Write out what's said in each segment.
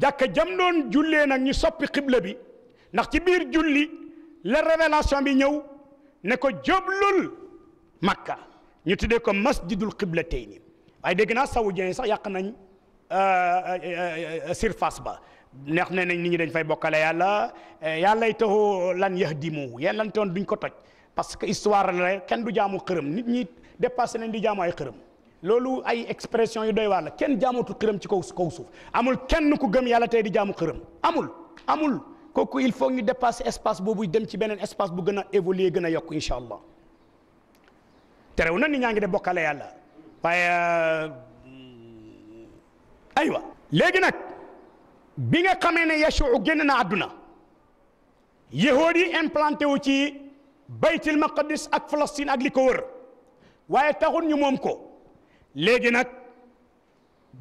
jàkka jam doon jullee nag ñu soppi xibla bi ndax ci biir julli la révélation bi ñëw ne ko jóblul makka ñu tuddee ko masjidul nii waaye dégg naa saoudien yi sax yàq nañ euh, euh, euh, surface ba neex ne nañ nit ñi dañ fay bokkale yàlla yàlla yàllay taxu lan yahdimu yàlla lan toon duñ ko toj parce que histoire la kenn du jaamu xërëm nit ñi dépassé nañ di jaamu ay xërëm loolu ay expression yu doy waar la kenn jaamutu këram ci kaw kaw suuf amul kenn ku gëm yàlla tey di jaamu këram amul amul kooku il faut ñu dépasser espace boobu dem ci beneen espace bu gën a évoluer gën a yokk incha allah terew na ni ñaa ngi de bokkale yàlla waaye euh, aywa léegi nag bi nga xamee ne Yashuu génn na àdduna yahood yi implanté wu ci baytil maqdis ak Palestine ak li ko wër waaye taxul ñu moom ko léegi nag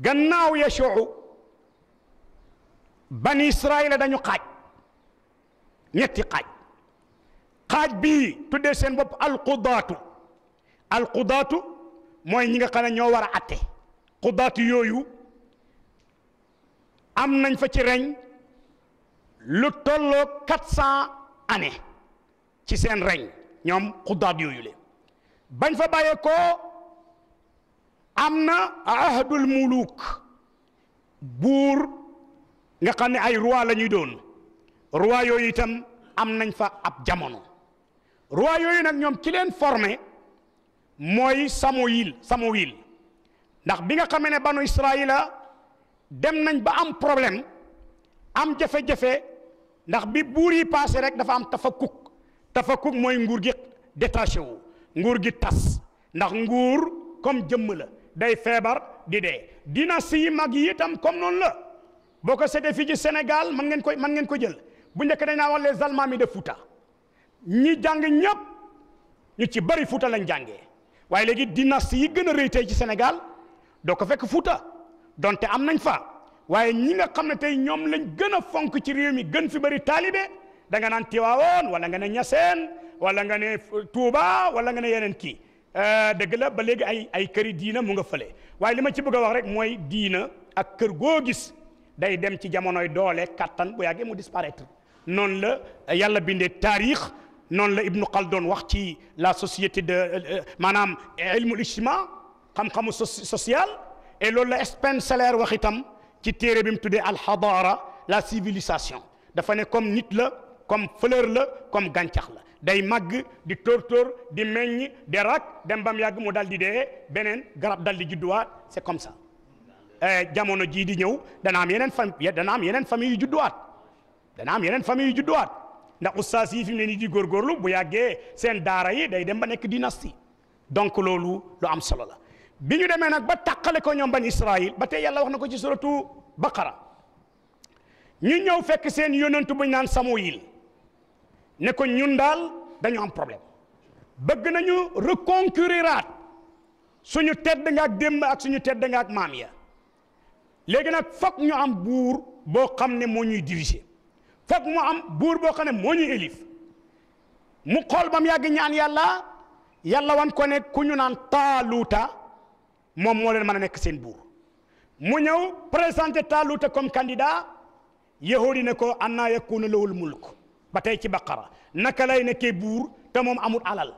gannaaw yashuu bani israila dañu xaaj ñetti xaaj xaaj bii tuddee seen bopp alqudaatu alqudaatu mooy ñi nga xam ne ñoo war a atte qudaatu yooyu am nañ fa ci reñ lu tolloo quatre cent années ci seen reñ ñoom qudaat yooyu le bañ fa bàyyee koo am na ahdul muluk buur nga xam ne ay roi lañuy doon roi yooyu itam am nañ fa ab jamono roi yooyu nag ñoom ci leen formé mooy Samuel Samuel ndax bi nga xamee ne banu Israila dem nañ ba am problème am jafe-jafe ndax bi buur yi paase rek dafa am tafakkuk tafakkuk mooy nguur gi détaché wu nguur gi tas ndax nguur comme jëmm la day feebar di dee dynastie yi mag yi itam comme noonu la boo ko seetee fii ci Sénégal man ngeen koy man ngeen ko jël bu njëkk dañ naa wax les Almaami de Fouta ñi jàng ñëpp ñu ci bari Fouta lañ jànge waaye léegi dynastie yi gën a rëy tey ci senegal doo ko fekk Fouta donte am nañ fa waaye ñi nga xam ne tey ñoom lañ gën a fonk ci réew mi gën fi bari taalibe da nga naan Tiwaawoon wala nga ne Ñaseen wala nga ne Tuuba wala nga ne yeneen kii dëgg la ay ay këri diina mu nga fële ma ci bëgg a wax rek mooy day dem ci jamonoy doole kattan bu yàggee mu disparaître noonu la yàlla bindee taarix noonu la Ibnu Khaldun wax ci la société de maanaam ilmul ijtima xam-xamu social et loolu la Spencer wax itam ci téere bi mu tuddee alxadaara la civilisation dafa ne comme nit la comme fleur la comme gàncax la. day mag di tóor-tóor di meñ di rak dem bam yag mu dal di dee beneen garab dal di judduwaat c'est comme ça euh jamono ji di ñew da na am yenen fam da na am yenen fam yu da na am yenen fam yu judduwaat ndax oustaz yi fi mu ne nii di góorgóorlu bu yagge sen daara yi day dem ba nek dynastie donc lolu lu am solo la bi ñu demee nag ba takalé ko ñom ban Israël ba tay yalla wax nako ci suratu Baqara ñu ñew fekk sen yonantu bu ñaan Samuil ne ko ñun daal dañu am problème bëgg nañu reconquériraat suñu tedd nga ak démb ak suñu tedd nga ak maam ya léegi nag foog ñu am buur boo xam ne moo ñuy diviser foog mu am buur boo xam ne moo ñuy élif mu xool ba mu yàgg ñaan yàlla yàlla wan ko ne ku ñu naan taaluuta moom moo leen mën a nekk seen buur mu ñëw présenté taaluuta comme candidat yahudi ne ko annaa yakunu lahul mulk ba tey ci baqara naka lay nekkee buur te moom amul alal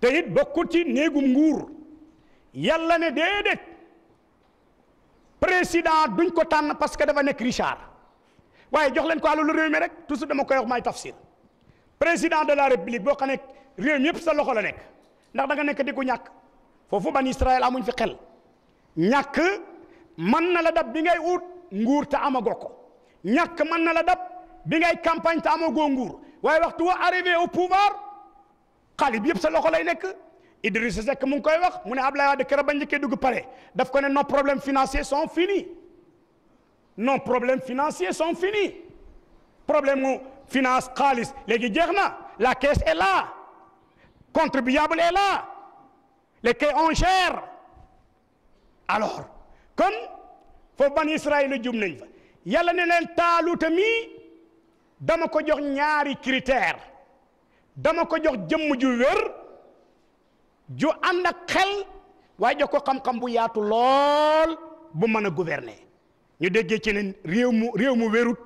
te it bokkul ci néegum nguur yàlla ne déedéet président duñ ko tànn parce que dafa nekk Richard waaye jox leen ko alalu réew mi rek toujours dama koy wax may tafsir président de la république boo ko nekk réew mi yëpp sa loxo la nekk ndax da nga nekk di ko ñàkk foofu ban Israël amuñ fi xel ñàkk mën na la dab bi ngay ut nguur te amagoo ko na la dab bi ngay campagne te amagoo nguur way waxtu wa arrivé au pouvoir khalib yeb yëpp sa loxo lay nek idriss Seck mu koy wax mu ne Ablaye Wade keroog ba njëkkee dugg daf ko né nos problèmes financiers sont finis nos problèmes financiers sont finis problème mu finance khalis légui jeexna la caisse est là contribuable est là les quais ont gère alors comme faut ban Israël djum nañ fa yalla né leen taaluta mi. dama ko jox ñaari critère dama ko jox jëmm ju wér ju ànd ak xel waaye jox ko xam-xam bu yaatu lool bu mën a gouverner ñu déggee ci ne réew mu réew mu wérut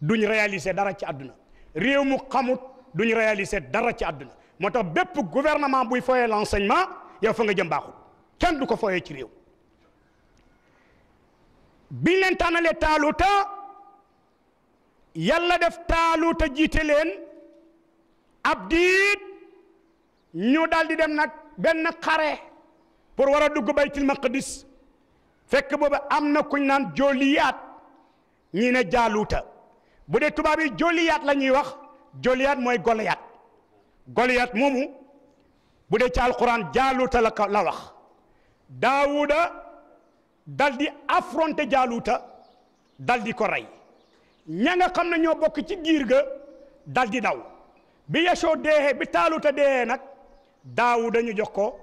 duñ réaliser dara ci àdduna réew mu xamut duñ réaliser dara ci àdduna moo tax bépp gouvernement buy foyee l'enseignement yow fa nga jëm baaxul kenn du ko foyee ci réew biñ taaluta yàlla def taaluta jiite leen ab diit ñu daldi di dem nag benn xare pour war a dugg baytil maqdis fekk booba am na kuñ naan joliyaat ñii ne jaaluuta bu dee tubaab yi joliyaat la ñuy wax joliyaat mooy goliyaat goliyaat moomu bu dee ci alxuraan jaaluuta la la wax daawuda daldi di affronté jaaluuta dal di ko rey ña nga xam ne ñoo bokk ci giir ga dal di daw bi yasoo deexee bi taaluta deexee nag daawu dañu jox ko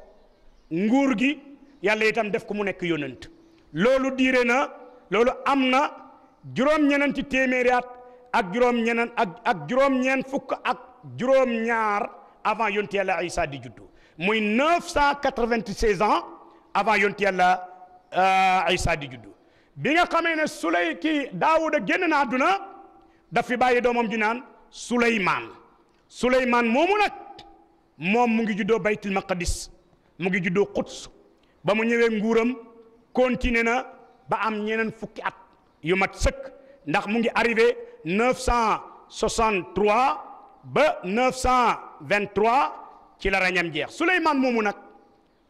nguur gi yàlla itam def ko mu nekk yonent loolu diire na loolu am na juróom-ñenenti téeméeri at ak juróom-ñeneen ak ak juróom-ñeen fukk ak juróom-ñaar avant yonti yàlla Isa di juddu muy 996 ans avant yonti yàlla euh, Isa di juddu bi nga xamee ne suley kii daawuda génn na àdduna daf bàyyi doomam ji naan suleymaan suleymaan moomu nag moom mu ngi juddoo baytul maqadis mu ngi juddoo quds ba mu ñëwee nguuram continué na ba am ñeneen fukki at yu mat sëkk ndax mu ngi arrivé 963 ba 923 ci la reñam jeex suleymaan moomu nag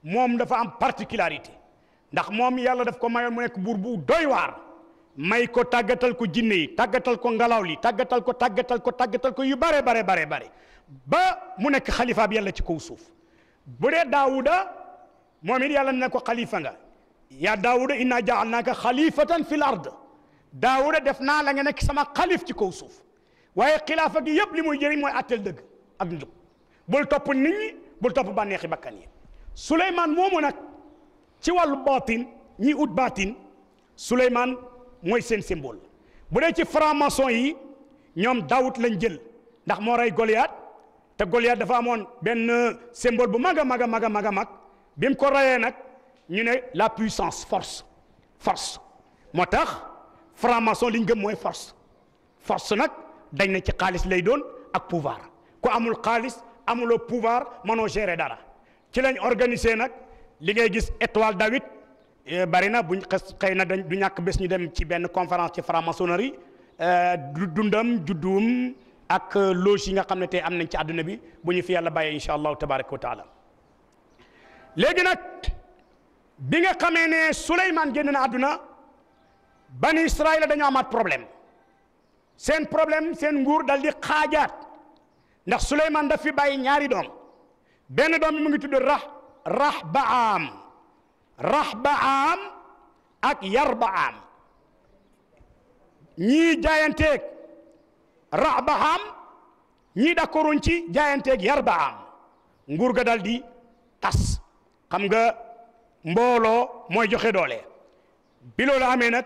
moom dafa am particularité ndax mom yàlla daf ko mayon mu nek bur bu doy war may ko tagatal ko jinne tagatal ko ngalaw li tagatal ko tagatal ko tagatal ko yu bare bare bare bare ba mu khalifa bi yàlla ci ko suuf bu dee daawuda moom it yàlla ne ko xalifa nga ya daawuda inna ja'alnaka khalifatan fil ard daawuda defna la nga nek sama khalif ci ko suuf waye khilafa gi yeb li muy jëriñ mooy àtteel ak bul top nit ñi bul top banexi bakkan yi suleymaan moomu ci wàllu baatin ñi ut baatin Souleymane mooy seen symbole bu dee ci franc yi ñoom dawut lañ jël ndax moo rey Goliath te Goliath dafa amoon benn euh, symbole bu mag a mag a mag a mag a mag bi mu ko reyee nag ñu ne la puissance force force moo tax franc-maçon li mooy force force nag dañ na ci xaalis lay doon ak pouvoir ku amul xaalis amuloo pouvoir mënoo gérer dara ci lañ organiser nag. li ngay gis étoile David eh, bari na buñ xes xëy na dañ du ñàkk bés ñu dem ci benn conférence ci franc-maçonnerie eh, du dundam judduum ak euh, loge yi nga xam ne tey am nañ ci àdduna bi bu ñu fi yàlla bàyyee incha allah tabaraka wa taala léegi nag bi nga xamee ne Souleymane génn na àdduna bani Israël dañoo amaat problème seen problème seen nguur dal di xaajaat ndax Souleymane daf fi bàyyi ñaari doom benn doom bi mu ngi tudd Ra. rahbaam rahbaam ak yarbaam ñii jaayanteeg am ñii d'accorduñ ci jaayanteeg am nguur ga daldi tas xam nga mbooloo mooy joxe doole bi loolu amee nag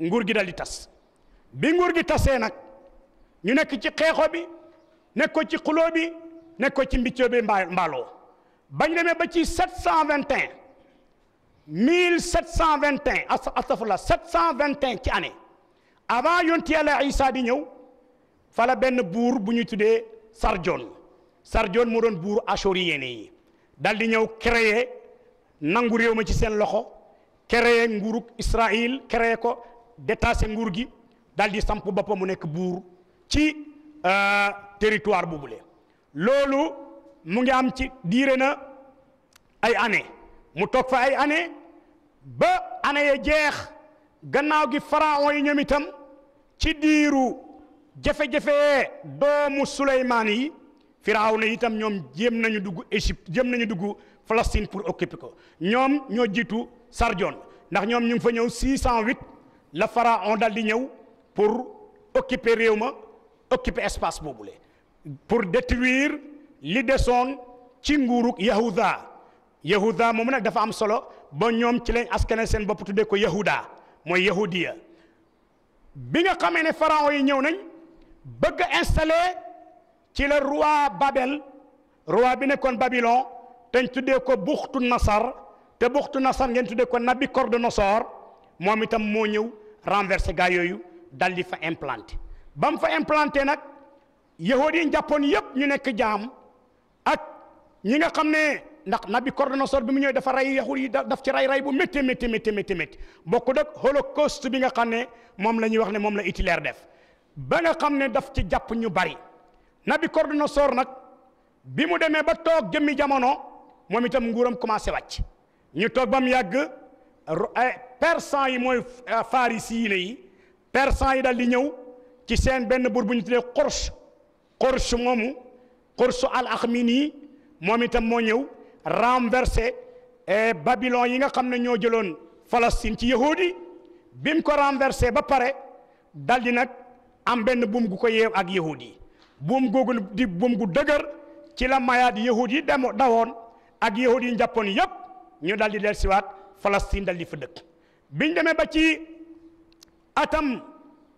nguur gi dal di tas bi nguur gi tasee nag ñu nekk ci xeexo bi nekk ko ci xuloo bi nekk ci mbiccoo bi mbaaloo ba ñu ba ci 721 1721 astafurlah 721 ci année avant yonti ala Isa di ñëw fala ben bour bu ñu tuddee sardion sardion mo doon bour Asoriyeen yi dal di ñëw créer nangu réew ma ci sen loxo créer nguruk Israël créer ko détaché nguur gi dal di samp bopam mu nek bour ci euh, territoire bulé lolu mu ngi am ci diire na ay année mu toog fa ay année ba année jeex gannaaw gi pharaon yi ñoom itam ci diiru jafe doomu Suleymaan yi itam ñoom nañu dugg Égypte jëm nañu dugg Palestine pour occuper ko ñoom ñoo jiitu ndax ñu fa 608 la pharaon dal di pour occuper occuper espace pour détruire. li desoon ci nguurug yahuda yahuda moom nag dafa am solo ba ñoom ci lañ askane seen bopp tuddee ko yahuda mooy yahudiya bi nga xamee ne pharaon yi ñëw nañ bëgg a ci la roi Babel roi bi nekkoon Babylon te ñu tuddee ko buxtu nasar te buxtu nasar ngeen tuddee ko Nabucodonosor moom itam moo ñëw renversé gaa yooyu dal di fa implanté ba mu fa implanté nag yahudi yi jàppoon yëpp ñu nekk jaam. ak ñi nga xam ne ndax Nabucodonosor bi mu ñëw dafa rey yaxul yi daf ci rey rey bu métti métti métti métti bokk bokkut ak holocauste bi nga xam ne moom la ñuy wax ne moom la Hitler def ba nga xam ne daf ci jàpp ñu bari Nabucodonosor nag bi mu demee ba toog jëmmi jamono moom itam nguuram commencé wàcc ñu toog ba mu yàgg eh, persan yi mooy eh, farisiyen yi persan yi dal di ñëw ci seen benn buur bu ñu tuddee Xorsh Xorsh moomu. xursu al akhmini moom itam mo ñëw renversé babylon yi nga xamne ne ñoo jëloon Palestine ci yahudi bim ko renverser ba pare daldi nak am ben bum gu ko yew ak yahudi bum gogul di bum gu deugar ci la mayad yahudi demo dawon ak yahudi japon njàppoon yépp ñu dal di dellusiwaat Palestine dal di fa dëkk biñ démé ba ci atam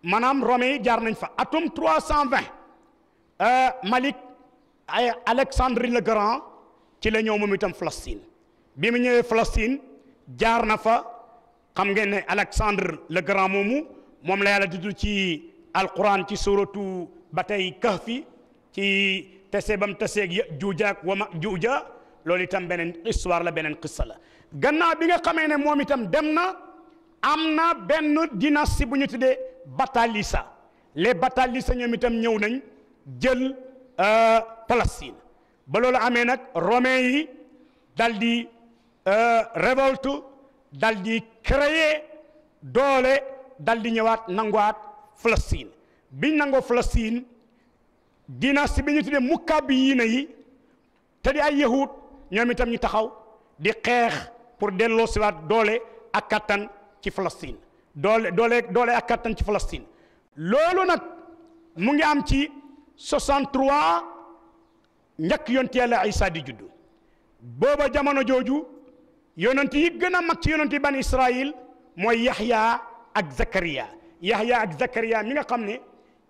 manam romain jaar nañ fa atum 320 euh malik ay Alexandrie le Grand ci la ñëw moom itam Palestine bi mu ñëwé Palestine jaar na fa xam ngeen ne Alexandre le Grand moomu moom la yàlla tudd ci alquran ci suratu ba tey kahfi ci tese bam tese ak juujaak ak wama juuja loolu itam beneen histoire la beneen qissa la gannaaw bi nga xamee ne moom itam dem na am na benn dynastie bu ñu tuddee Batalisa les Batalisa ñoom itam ñëw nañ jël Euh, Palestine ba loolu amee nag romain yi dal di euh, révolte dal di créer doole dal di ñëwaat nanguwaat Palestine biñ nangoo Palestine dynastie bi ñu tuddee Mukaabiyiin yi te di ay yahud ñoom itam ñu taxaw di xeex pour delloo siwaat doole ak kattan ci Palestine doole doole doole ak kattan ci Palestine loolu nag mu ngi am ci 63 njëkk yonent yàlla Isa di juddu booba jamono jooju yonent yi gën a mag ci yonent yi ban Israil mooy ak Zakaria Yaxya ak Zakaria mi nga xam ne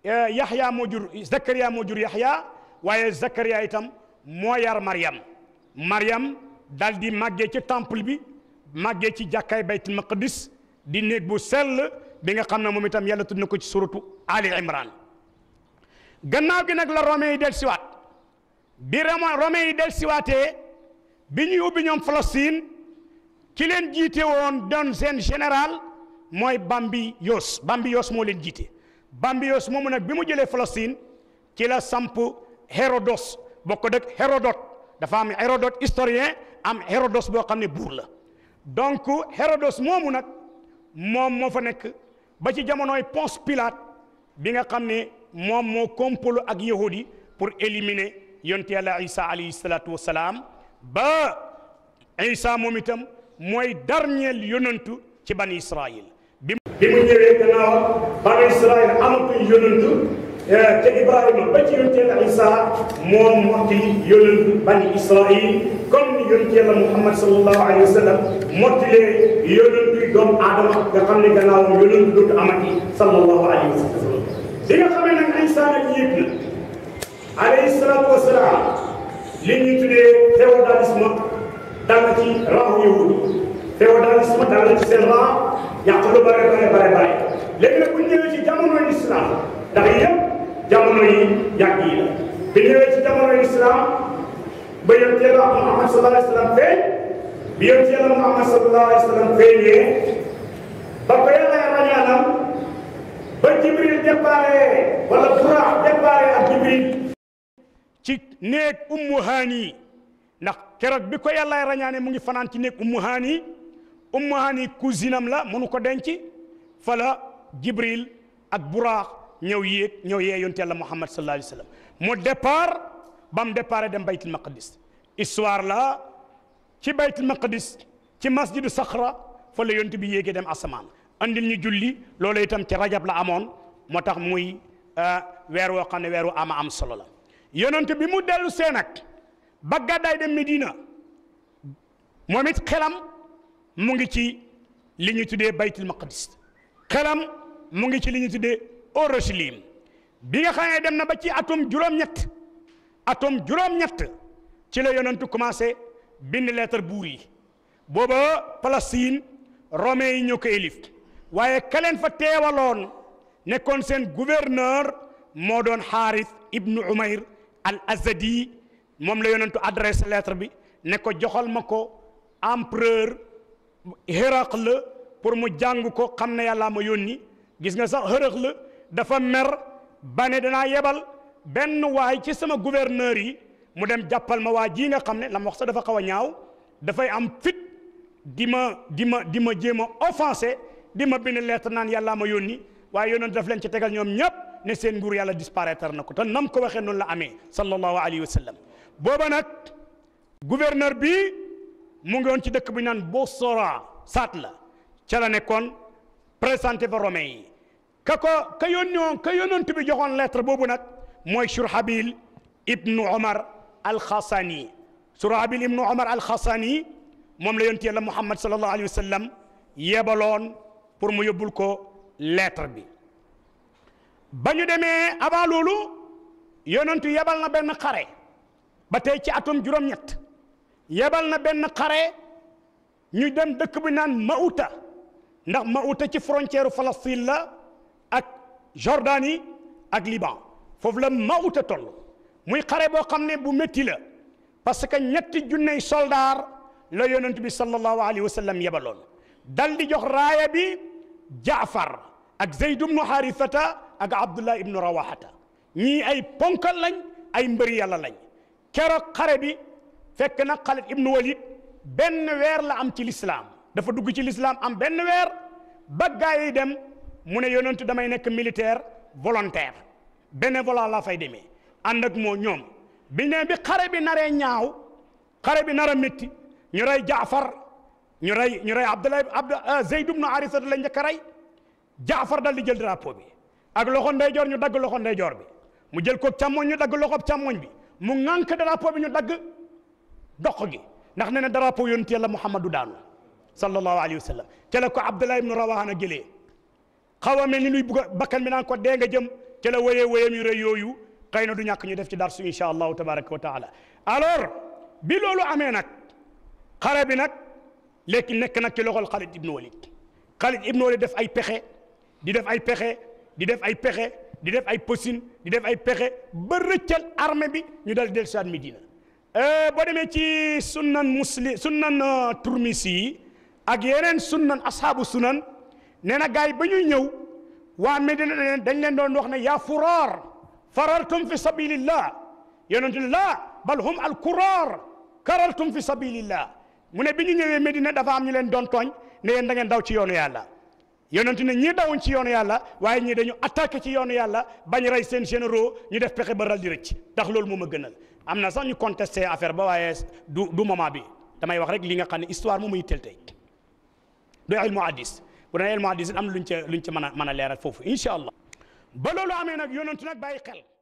eh, Yaxya moo jur Zakaria moo jur Yaxya waaye Zakaria itam moo yar Maryam Maryam dal di màggee ci temple bi màggee ci jàkkaay baytul maqdis di néeg bu sell bi nga xam ne moom itam yàlla tudd na ko ci suratu Ali Imran gannaaw gi nag la romain yi del siwaat bi romain yi del siwaatee bi ñuy ubbi ñoom Palestine ki leen jiite woon doon seen général mooy Bambios Bambios moo leen jiite Bambios moomu nag bi mu jëlee Palestine ci la samp Hérodos ko dëkk Hérodote dafa am Hérodote historien am Hérodos boo xam ne buur la donc Hérodos moomu nag moom moo fa nekk ba ci jamonoy Ponce Pilate bi nga xam ne moom moo complot ak yahudi pour élimine yonte yàlla isa alayhi salaatu wasalaam ba isa moom itam mooy dernier yonantu ci ban israil bi mu ñëwee gannaaw ban israil amatuñ yonantu eh, te ibrahima ba ci yonte yàlla isa moom motti yonantu ban israil comme ni yonte muhammad sallallahu alayhi wa sallam mottilee yonantu doomu aadama nga xam ne gannaawam yonantu dootu amati sallallahu alayhi wa bi nga xamee nag ay saan ak yëg na alayhi salaatu wasalaam li ñu tuddee féodalisme dal na ci raxu yahud féodalisme dal na ci seen rax yàq lu bare bare bare bare léegi nag bu ñëwee ci jamono islam ndax yëpp jamono yi yàgg yi la bi ñëwee ci jamono islam ba yonent yàlla Muhammad sallallahu alayhi wa sallam feeñ bi yonent yàlla Muhammad sallallahu alayhi wa sallam feeñee ba ba yàlla yàlla ñaanam ba Jibril ci néeg ummu haani ndax keroog bi ko yàllaay rañaane mu ngi fanaan ci nekk ummu haani ummu haani cousinam la mënu ko denc fala Jibril ak Buraax ñëw yéeg ñëw yee yonte yàlla Muhammad sallallahu alayhi wa mu départ ba mu dem baytul maqdis histoire la ci baytul maqdis ci masjidu saxra fa la yonte bi yéegee dem asamaan andil ñu julli loolu itam ci rajab la amoon moo tax muy euh, weer woo xam ne weeru ama am solo la yonent bi mu dellu see nag ba gàddaay dem Medina moom it xelam mu ngi ci li ñu tuddee baytul maqdis xelam mu ngi ci li ñu tuddee Oroslim bi nga xam ne dem na ba ci atum juróom-ñett atum juróom-ñett ci la yonentu commencé bind lettre buur yi booba Palestine romain yi ñoo ko élif waaye keleen fa teewaloon نكون سن غوفرنور مودون حارث ابن عمير الازدي موم لا يوننتو ادريس لتر بي نكو جوخال مكو امبرور هرقل بور مو جانغ كو خامنا يالا ما يوني غيس نغ صاح هرقل دا فا مير باني دنا يبال بن واي سي سما غوفرنور مو دم جابال ما واي خامنا لا مخ دا فا خاوا نياو دا فاي ام فيت ديما ديما ديما جيما اوفانسي ديما بين لتر نان يالا ما يوني waaye yonent daf leen ci tegal ñoom ñëpp ne seen nguur yàlla disparaître na ko te nam ko waxee noonu la amee sallallahu alayhi wa sallam booba nag gouverneur bi mu ngi woon ci dëkk bu ñu naan Bosora saat la ca la nekkoon présenté fa romain yi ka ko ka yónnoon ka yónnent bi joxoon lettre boobu nag mooy Surhabil ibnu Omar al-Khassani Surhabil ibnu Omar al-Khassani moom la yónni yàlla Muhammad sallallahu alayhi wa sallam yebaloon mu yóbbul ko. lettre bi bañu démé aba lolu yonentou yabal na ben xare ba tay ci atum juróom-ñett yabal na ben xare ñu dem dëkk bi naan mauta ndax mauta ci frontière falastin la ak jordani ak Liban fofu la mauta toll muy xare bo xamné bu métti la parce que ñetti junney soldaar la yonentou bi sallallahu alayhi wasallam yabalon dal di jox raaya bi jaafar ak zeyd ibnu xaarisata ak abdullah ibnu rawaxata ñii ay ponkal lañ ay mbëri yàlla lañ keroog xare bi fekk na xalit ibnu walid benn weer la am ci lislaam dafa dugg ci lislaam am benn weer ba gaa yi dem mu ne yonentu damay nekk militaire volontaire bénévolat laa fay demee ànd ak moo ñoom bi ne bi xare bi naree ñaaw xare bi nar a métti ñu rey jaafar ñu rey ñu rey Abdoulaye Abd euh, Zeyd ibn Haarisa la njëkk a rey Jaafar dal di jël drapeau bi ak loxo ndeyjoor ñu dagg loxo ndeyjoor bi mu jël ko càmmoñ ñu dagg loxo càmmoñ bi mu ŋànk drapeau bi ñu dagg doq gi ndax nee na drapeau yonent yàlla Muhammadu daanu sallallahu alayhi wa sallam ca la ko Abdoulaye ibn Rawaha jëlee xaw a mel ni luy bugg bakkan bi naan ko dee nga jëm ca la wéyee wéyam yu yooyu xëy na du ñàkk ñu def ci darsu incha allahu tabaraka wa taala alors bi loolu amee nag bi nag. لكن نك نك لغول خالد ابن وليد خالد ابن وليد داف اي بخي دي داف اي بخي دي داف اي بخي دي داف اي بوسين دي داف اي بخي با رتيال ارمي بي ني دال ديل شاد مدينه ا أه، با ديمي تي سنن مسلم سنن آه، ترمسي اك يينن سنن اصحاب السنن نينا غاي با ني نيو وا مدينه دنج لن دون وخنا يا فرار فررتم في سبيل الله يا الله بل هم الكرار كررتم في سبيل الله mu ne bi ñu ñëwee Medina dafa am ñu leen doon tooñ ne yéen da ngeen daw ci yoonu yàlla yonent ne ñii dawuñ ci yoonu yàlla waaye ñii dañu attaqué ci yoonu yàlla bañ rey seen généraux ñu def pexe ba ral di rëcc ndax loolu moo ma gënal am na sax ñu contesté affaire ba waaye du du moment bi damay wax rek li nga xam ne histoire moom muy tel tey du ilmu hadis bu dee ilmu hadis am luñ ca luñ ca mën a mën a leeral foofu incha allah ba loolu amee nag yonent nag bàyyi xel.